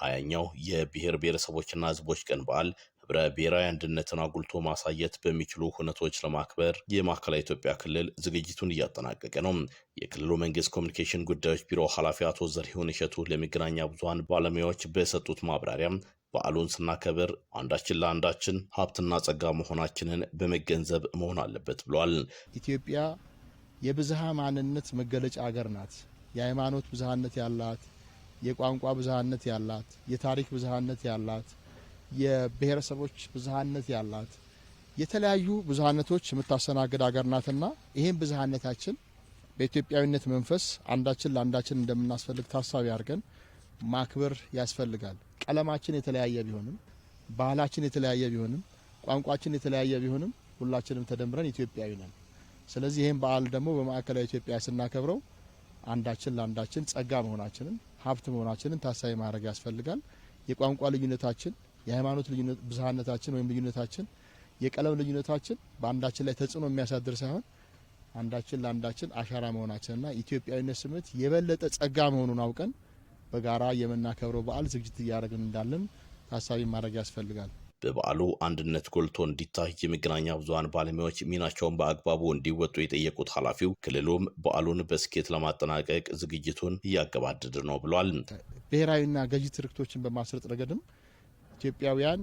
ሀያኛው የብሔር ብሔረሰቦችና ህዝቦች ቀን በዓል ህብረ ብሔራዊ አንድነትን አጉልቶ ማሳየት በሚችሉ ሁነቶች ለማክበር የማዕከላዊ ኢትዮጵያ ክልል ዝግጅቱን እያጠናቀቀ ነው። የክልሉ መንግስት ኮሚኒኬሽን ጉዳዮች ቢሮ ኃላፊ አቶ ዘርሂውን እሸቱ ለመገናኛ ብዙሀን ባለሙያዎች በሰጡት ማብራሪያ በዓሉን ስናከብር አንዳችን ለአንዳችን ሀብትና ጸጋ መሆናችንን በመገንዘብ መሆን አለበት ብሏል። ኢትዮጵያ የብዝሃ ማንነት መገለጫ ሀገር ናት። የሃይማኖት ብዝሃነት ያላት የቋንቋ ብዝሃነት ያላት፣ የታሪክ ብዝሃነት ያላት፣ የብሔረሰቦች ብዝሃነት ያላት የተለያዩ ብዝሃነቶች የምታስተናግድ ሀገር ናትና ይህም ብዝሃነታችን በኢትዮጵያዊነት መንፈስ አንዳችን ለአንዳችን እንደምናስፈልግ ታሳቢ አድርገን ማክበር ያስፈልጋል። ቀለማችን የተለያየ ቢሆንም፣ ባህላችን የተለያየ ቢሆንም፣ ቋንቋችን የተለያየ ቢሆንም ሁላችንም ተደምረን ኢትዮጵያዊ ነን። ስለዚህ ይህም በዓል ደግሞ በማዕከላዊ ኢትዮጵያ ስናከብረው አንዳችን ለአንዳችን ጸጋ መሆናችንን ሀብት መሆናችንን ታሳቢ ማድረግ ያስፈልጋል። የቋንቋ ልዩነታችን፣ የሃይማኖት ብዝሃነታችን ወይም ልዩነታችን፣ የቀለም ልዩነታችን በአንዳችን ላይ ተጽዕኖ የሚያሳድር ሳይሆን አንዳችን ለአንዳችን አሻራ መሆናችንና ኢትዮጵያዊነት ስሜት የበለጠ ጸጋ መሆኑን አውቀን በጋራ የምናከብረው በዓል ዝግጅት እያደረግን እንዳለን ታሳቢ ማድረግ ያስፈልጋል። በበዓሉ አንድነት ጎልቶ እንዲታይ የመገናኛ ብዙሃን ባለሙያዎች ሚናቸውን በአግባቡ እንዲወጡ የጠየቁት ኃላፊው ክልሉም በዓሉን በስኬት ለማጠናቀቅ ዝግጅቱን እያገባደደ ነው ብሏል። ብሔራዊና ገዢ ትርክቶችን በማስረጥ ረገድም ኢትዮጵያውያን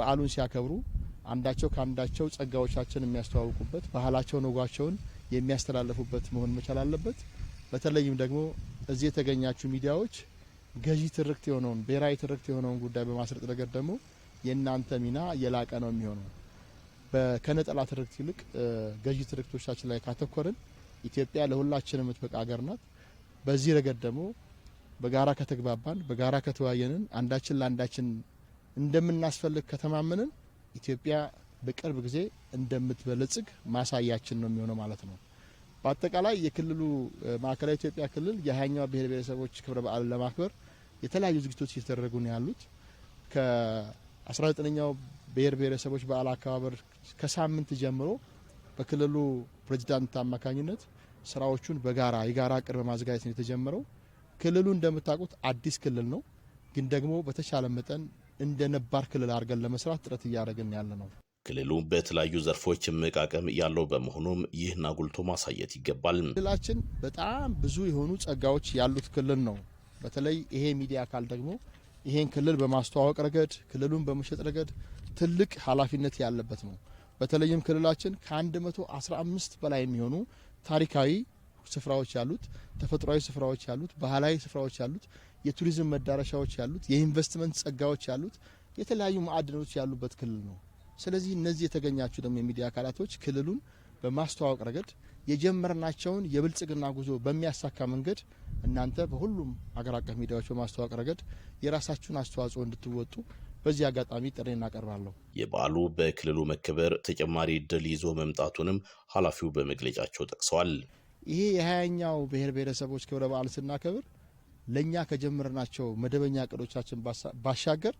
በዓሉን ሲያከብሩ አንዳቸው ከአንዳቸው ጸጋዎቻቸውን የሚያስተዋውቁበት፣ ባህላቸውን፣ ወጓቸውን የሚያስተላለፉበት መሆን መቻል አለበት። በተለይም ደግሞ እዚህ የተገኛችሁ ሚዲያዎች ገዢ ትርክት የሆነውን ብሔራዊ ትርክት የሆነውን ጉዳይ በማስረጥ ረገድ ደግሞ የእናንተ ሚና የላቀ ነው የሚሆነው። ከነጠላ ትርክት ይልቅ ገዢ ትርክቶቻችን ላይ ካተኮርን ኢትዮጵያ ለሁላችን የምትበቃ ሀገር ናት። በዚህ ረገድ ደግሞ በጋራ ከተግባባን፣ በጋራ ከተወያየንን፣ አንዳችን ለአንዳችን እንደምናስፈልግ ከተማመንን ኢትዮጵያ በቅርብ ጊዜ እንደምትበለጽግ ማሳያችን ነው የሚሆነው ማለት ነው። በአጠቃላይ የክልሉ ማዕከላዊ ኢትዮጵያ ክልል የሀያኛው ብሔር ብሔረሰቦች ክብረ በዓል ለማክበር የተለያዩ ዝግጅቶች እየተደረጉ ነው ያሉት። 19ኛው ብሔር ብሔረሰቦች በዓል አከባበር ከሳምንት ጀምሮ በክልሉ ፕሬዚዳንት አማካኝነት ስራዎቹን በጋራ የጋራ እቅድ በማዘጋጀት ነው የተጀመረው። ክልሉ እንደምታውቁት አዲስ ክልል ነው፣ ግን ደግሞ በተቻለ መጠን እንደ ነባር ክልል አድርገን ለመስራት ጥረት እያደረግን ያለ ነው። ክልሉ በተለያዩ ዘርፎች እምቅ አቅም ያለው በመሆኑም ይህን አጉልቶ ማሳየት ይገባል። ክልላችን በጣም ብዙ የሆኑ ጸጋዎች ያሉት ክልል ነው። በተለይ ይሄ ሚዲያ አካል ደግሞ ይሄን ክልል በማስተዋወቅ ረገድ ክልሉን በመሸጥ ረገድ ትልቅ ኃላፊነት ያለበት ነው። በተለይም ክልላችን ከ115 በላይ የሚሆኑ ታሪካዊ ስፍራዎች ያሉት፣ ተፈጥሯዊ ስፍራዎች ያሉት፣ ባህላዊ ስፍራዎች ያሉት፣ የቱሪዝም መዳረሻዎች ያሉት፣ የኢንቨስትመንት ጸጋዎች ያሉት፣ የተለያዩ ማዕድኖች ያሉበት ክልል ነው። ስለዚህ እነዚህ የተገኛችሁ ደግሞ የሚዲያ አካላቶች ክልሉን በማስተዋወቅ ረገድ የጀመርናቸውን የብልጽግና ጉዞ በሚያሳካ መንገድ እናንተ በሁሉም አገር አቀፍ ሚዲያዎች በማስተዋወቅ ረገድ የራሳችሁን አስተዋጽኦ እንድትወጡ በዚህ አጋጣሚ ጥሪ እናቀርባለሁ። የበዓሉ በክልሉ መከበር ተጨማሪ ድል ይዞ መምጣቱንም ኃላፊው በመግለጫቸው ጠቅሰዋል። ይሄ የሀያኛው ብሔር ብሔረሰቦች ክብረ በዓል ስናከብር ለእኛ ከጀመርናቸው መደበኛ እቅዶቻችን ባሻገር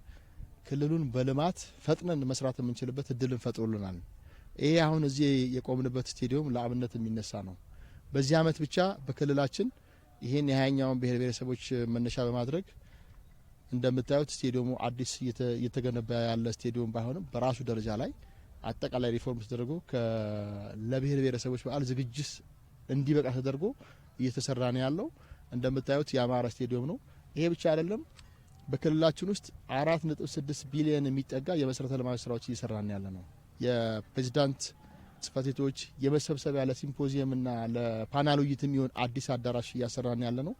ክልሉን በልማት ፈጥነን መስራት የምንችልበት እድልን ፈጥሮልናል። ይሄ አሁን እዚህ የቆምንበት ስቴዲየም ለአብነት የሚነሳ ነው። በዚህ አመት ብቻ በክልላችን ይህን የሀያኛውን ብሔር ብሔረሰቦች መነሻ በማድረግ እንደምታዩት ስቴዲየሙ አዲስ እየተገነባ ያለ ስቴዲየም ባይሆንም በራሱ ደረጃ ላይ አጠቃላይ ሪፎርም ተደርጎ ለብሔር ብሔረሰቦች በዓል ዝግጅት እንዲበቃ ተደርጎ እየተሰራ ነው ያለው። እንደምታዩት የአማራ ስቴዲየም ነው። ይሄ ብቻ አይደለም። በክልላችን ውስጥ አራት ነጥብ ስድስት ቢሊየን የሚጠጋ የመሰረተ ልማት ስራዎች እየሰራ ያለ ነው። የፕሬዚዳንት ጽፈት ቤቶች የመሰብሰቢያ ለሲምፖዚየምና ለፓናል ውይይት የሚሆን አዲስ አዳራሽ እያሰራን ያለ ነው።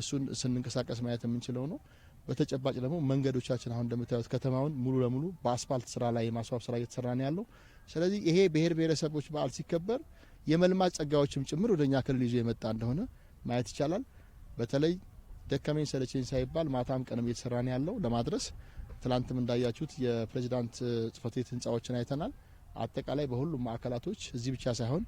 እሱን ስንንቀሳቀስ ማየት የምንችለው ነው። በተጨባጭ ደግሞ መንገዶቻችን አሁን እንደምታዩት ከተማውን ሙሉ ለሙሉ በአስፋልት ስራ ላይ የማስዋብ ስራ እየተሰራ ነው ያለው። ስለዚህ ይሄ ብሔር ብሔረሰቦች በዓል ሲከበር የመልማት ጸጋዎችም ጭምር ወደኛ ክልል ይዞ የመጣ እንደሆነ ማየት ይቻላል። በተለይ ደከመኝ ሰለቸኝ ሳይባል ማታም ቀንም እየተሰራ ነው ያለው ለማድረስ ትላንትም እንዳያችሁት የፕሬዚዳንት ጽህፈት ቤት ህንፃዎችን አይተናል። አጠቃላይ በሁሉም ማዕከላቶች እዚህ ብቻ ሳይሆን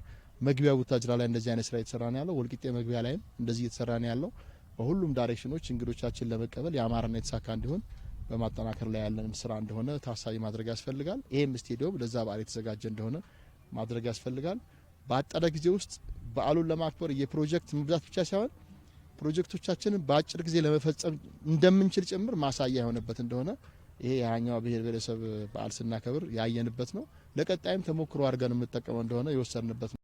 መግቢያ ቡታጅራ ላይ እንደዚህ አይነት ስራ እየተሰራ ነው ያለው። ወልቂጤ መግቢያ ላይም እንደዚህ እየተሰራ ነው ያለው። በሁሉም ዳይሬክሽኖች እንግዶቻችን ለመቀበል የአማረና የተሳካ እንዲሆን በማጠናከር ላይ ያለንን ስራ እንደሆነ ታሳቢ ማድረግ ያስፈልጋል። ይህም ስቴዲዮም ለዛ በዓል የተዘጋጀ እንደሆነ ማድረግ ያስፈልጋል። በአጠረ ጊዜ ውስጥ በዓሉን ለማክበር የፕሮጀክት መብዛት ብቻ ሳይሆን ፕሮጀክቶቻችንን በአጭር ጊዜ ለመፈጸም እንደምንችል ጭምር ማሳያ የሆነበት እንደሆነ ይሄ የሃያኛው ብሔር ብሔረሰብ በዓል ስናከብር ያየንበት ነው። ለቀጣይም ተሞክሮ አድርገን የምንጠቀመው እንደሆነ የወሰንበት ነው።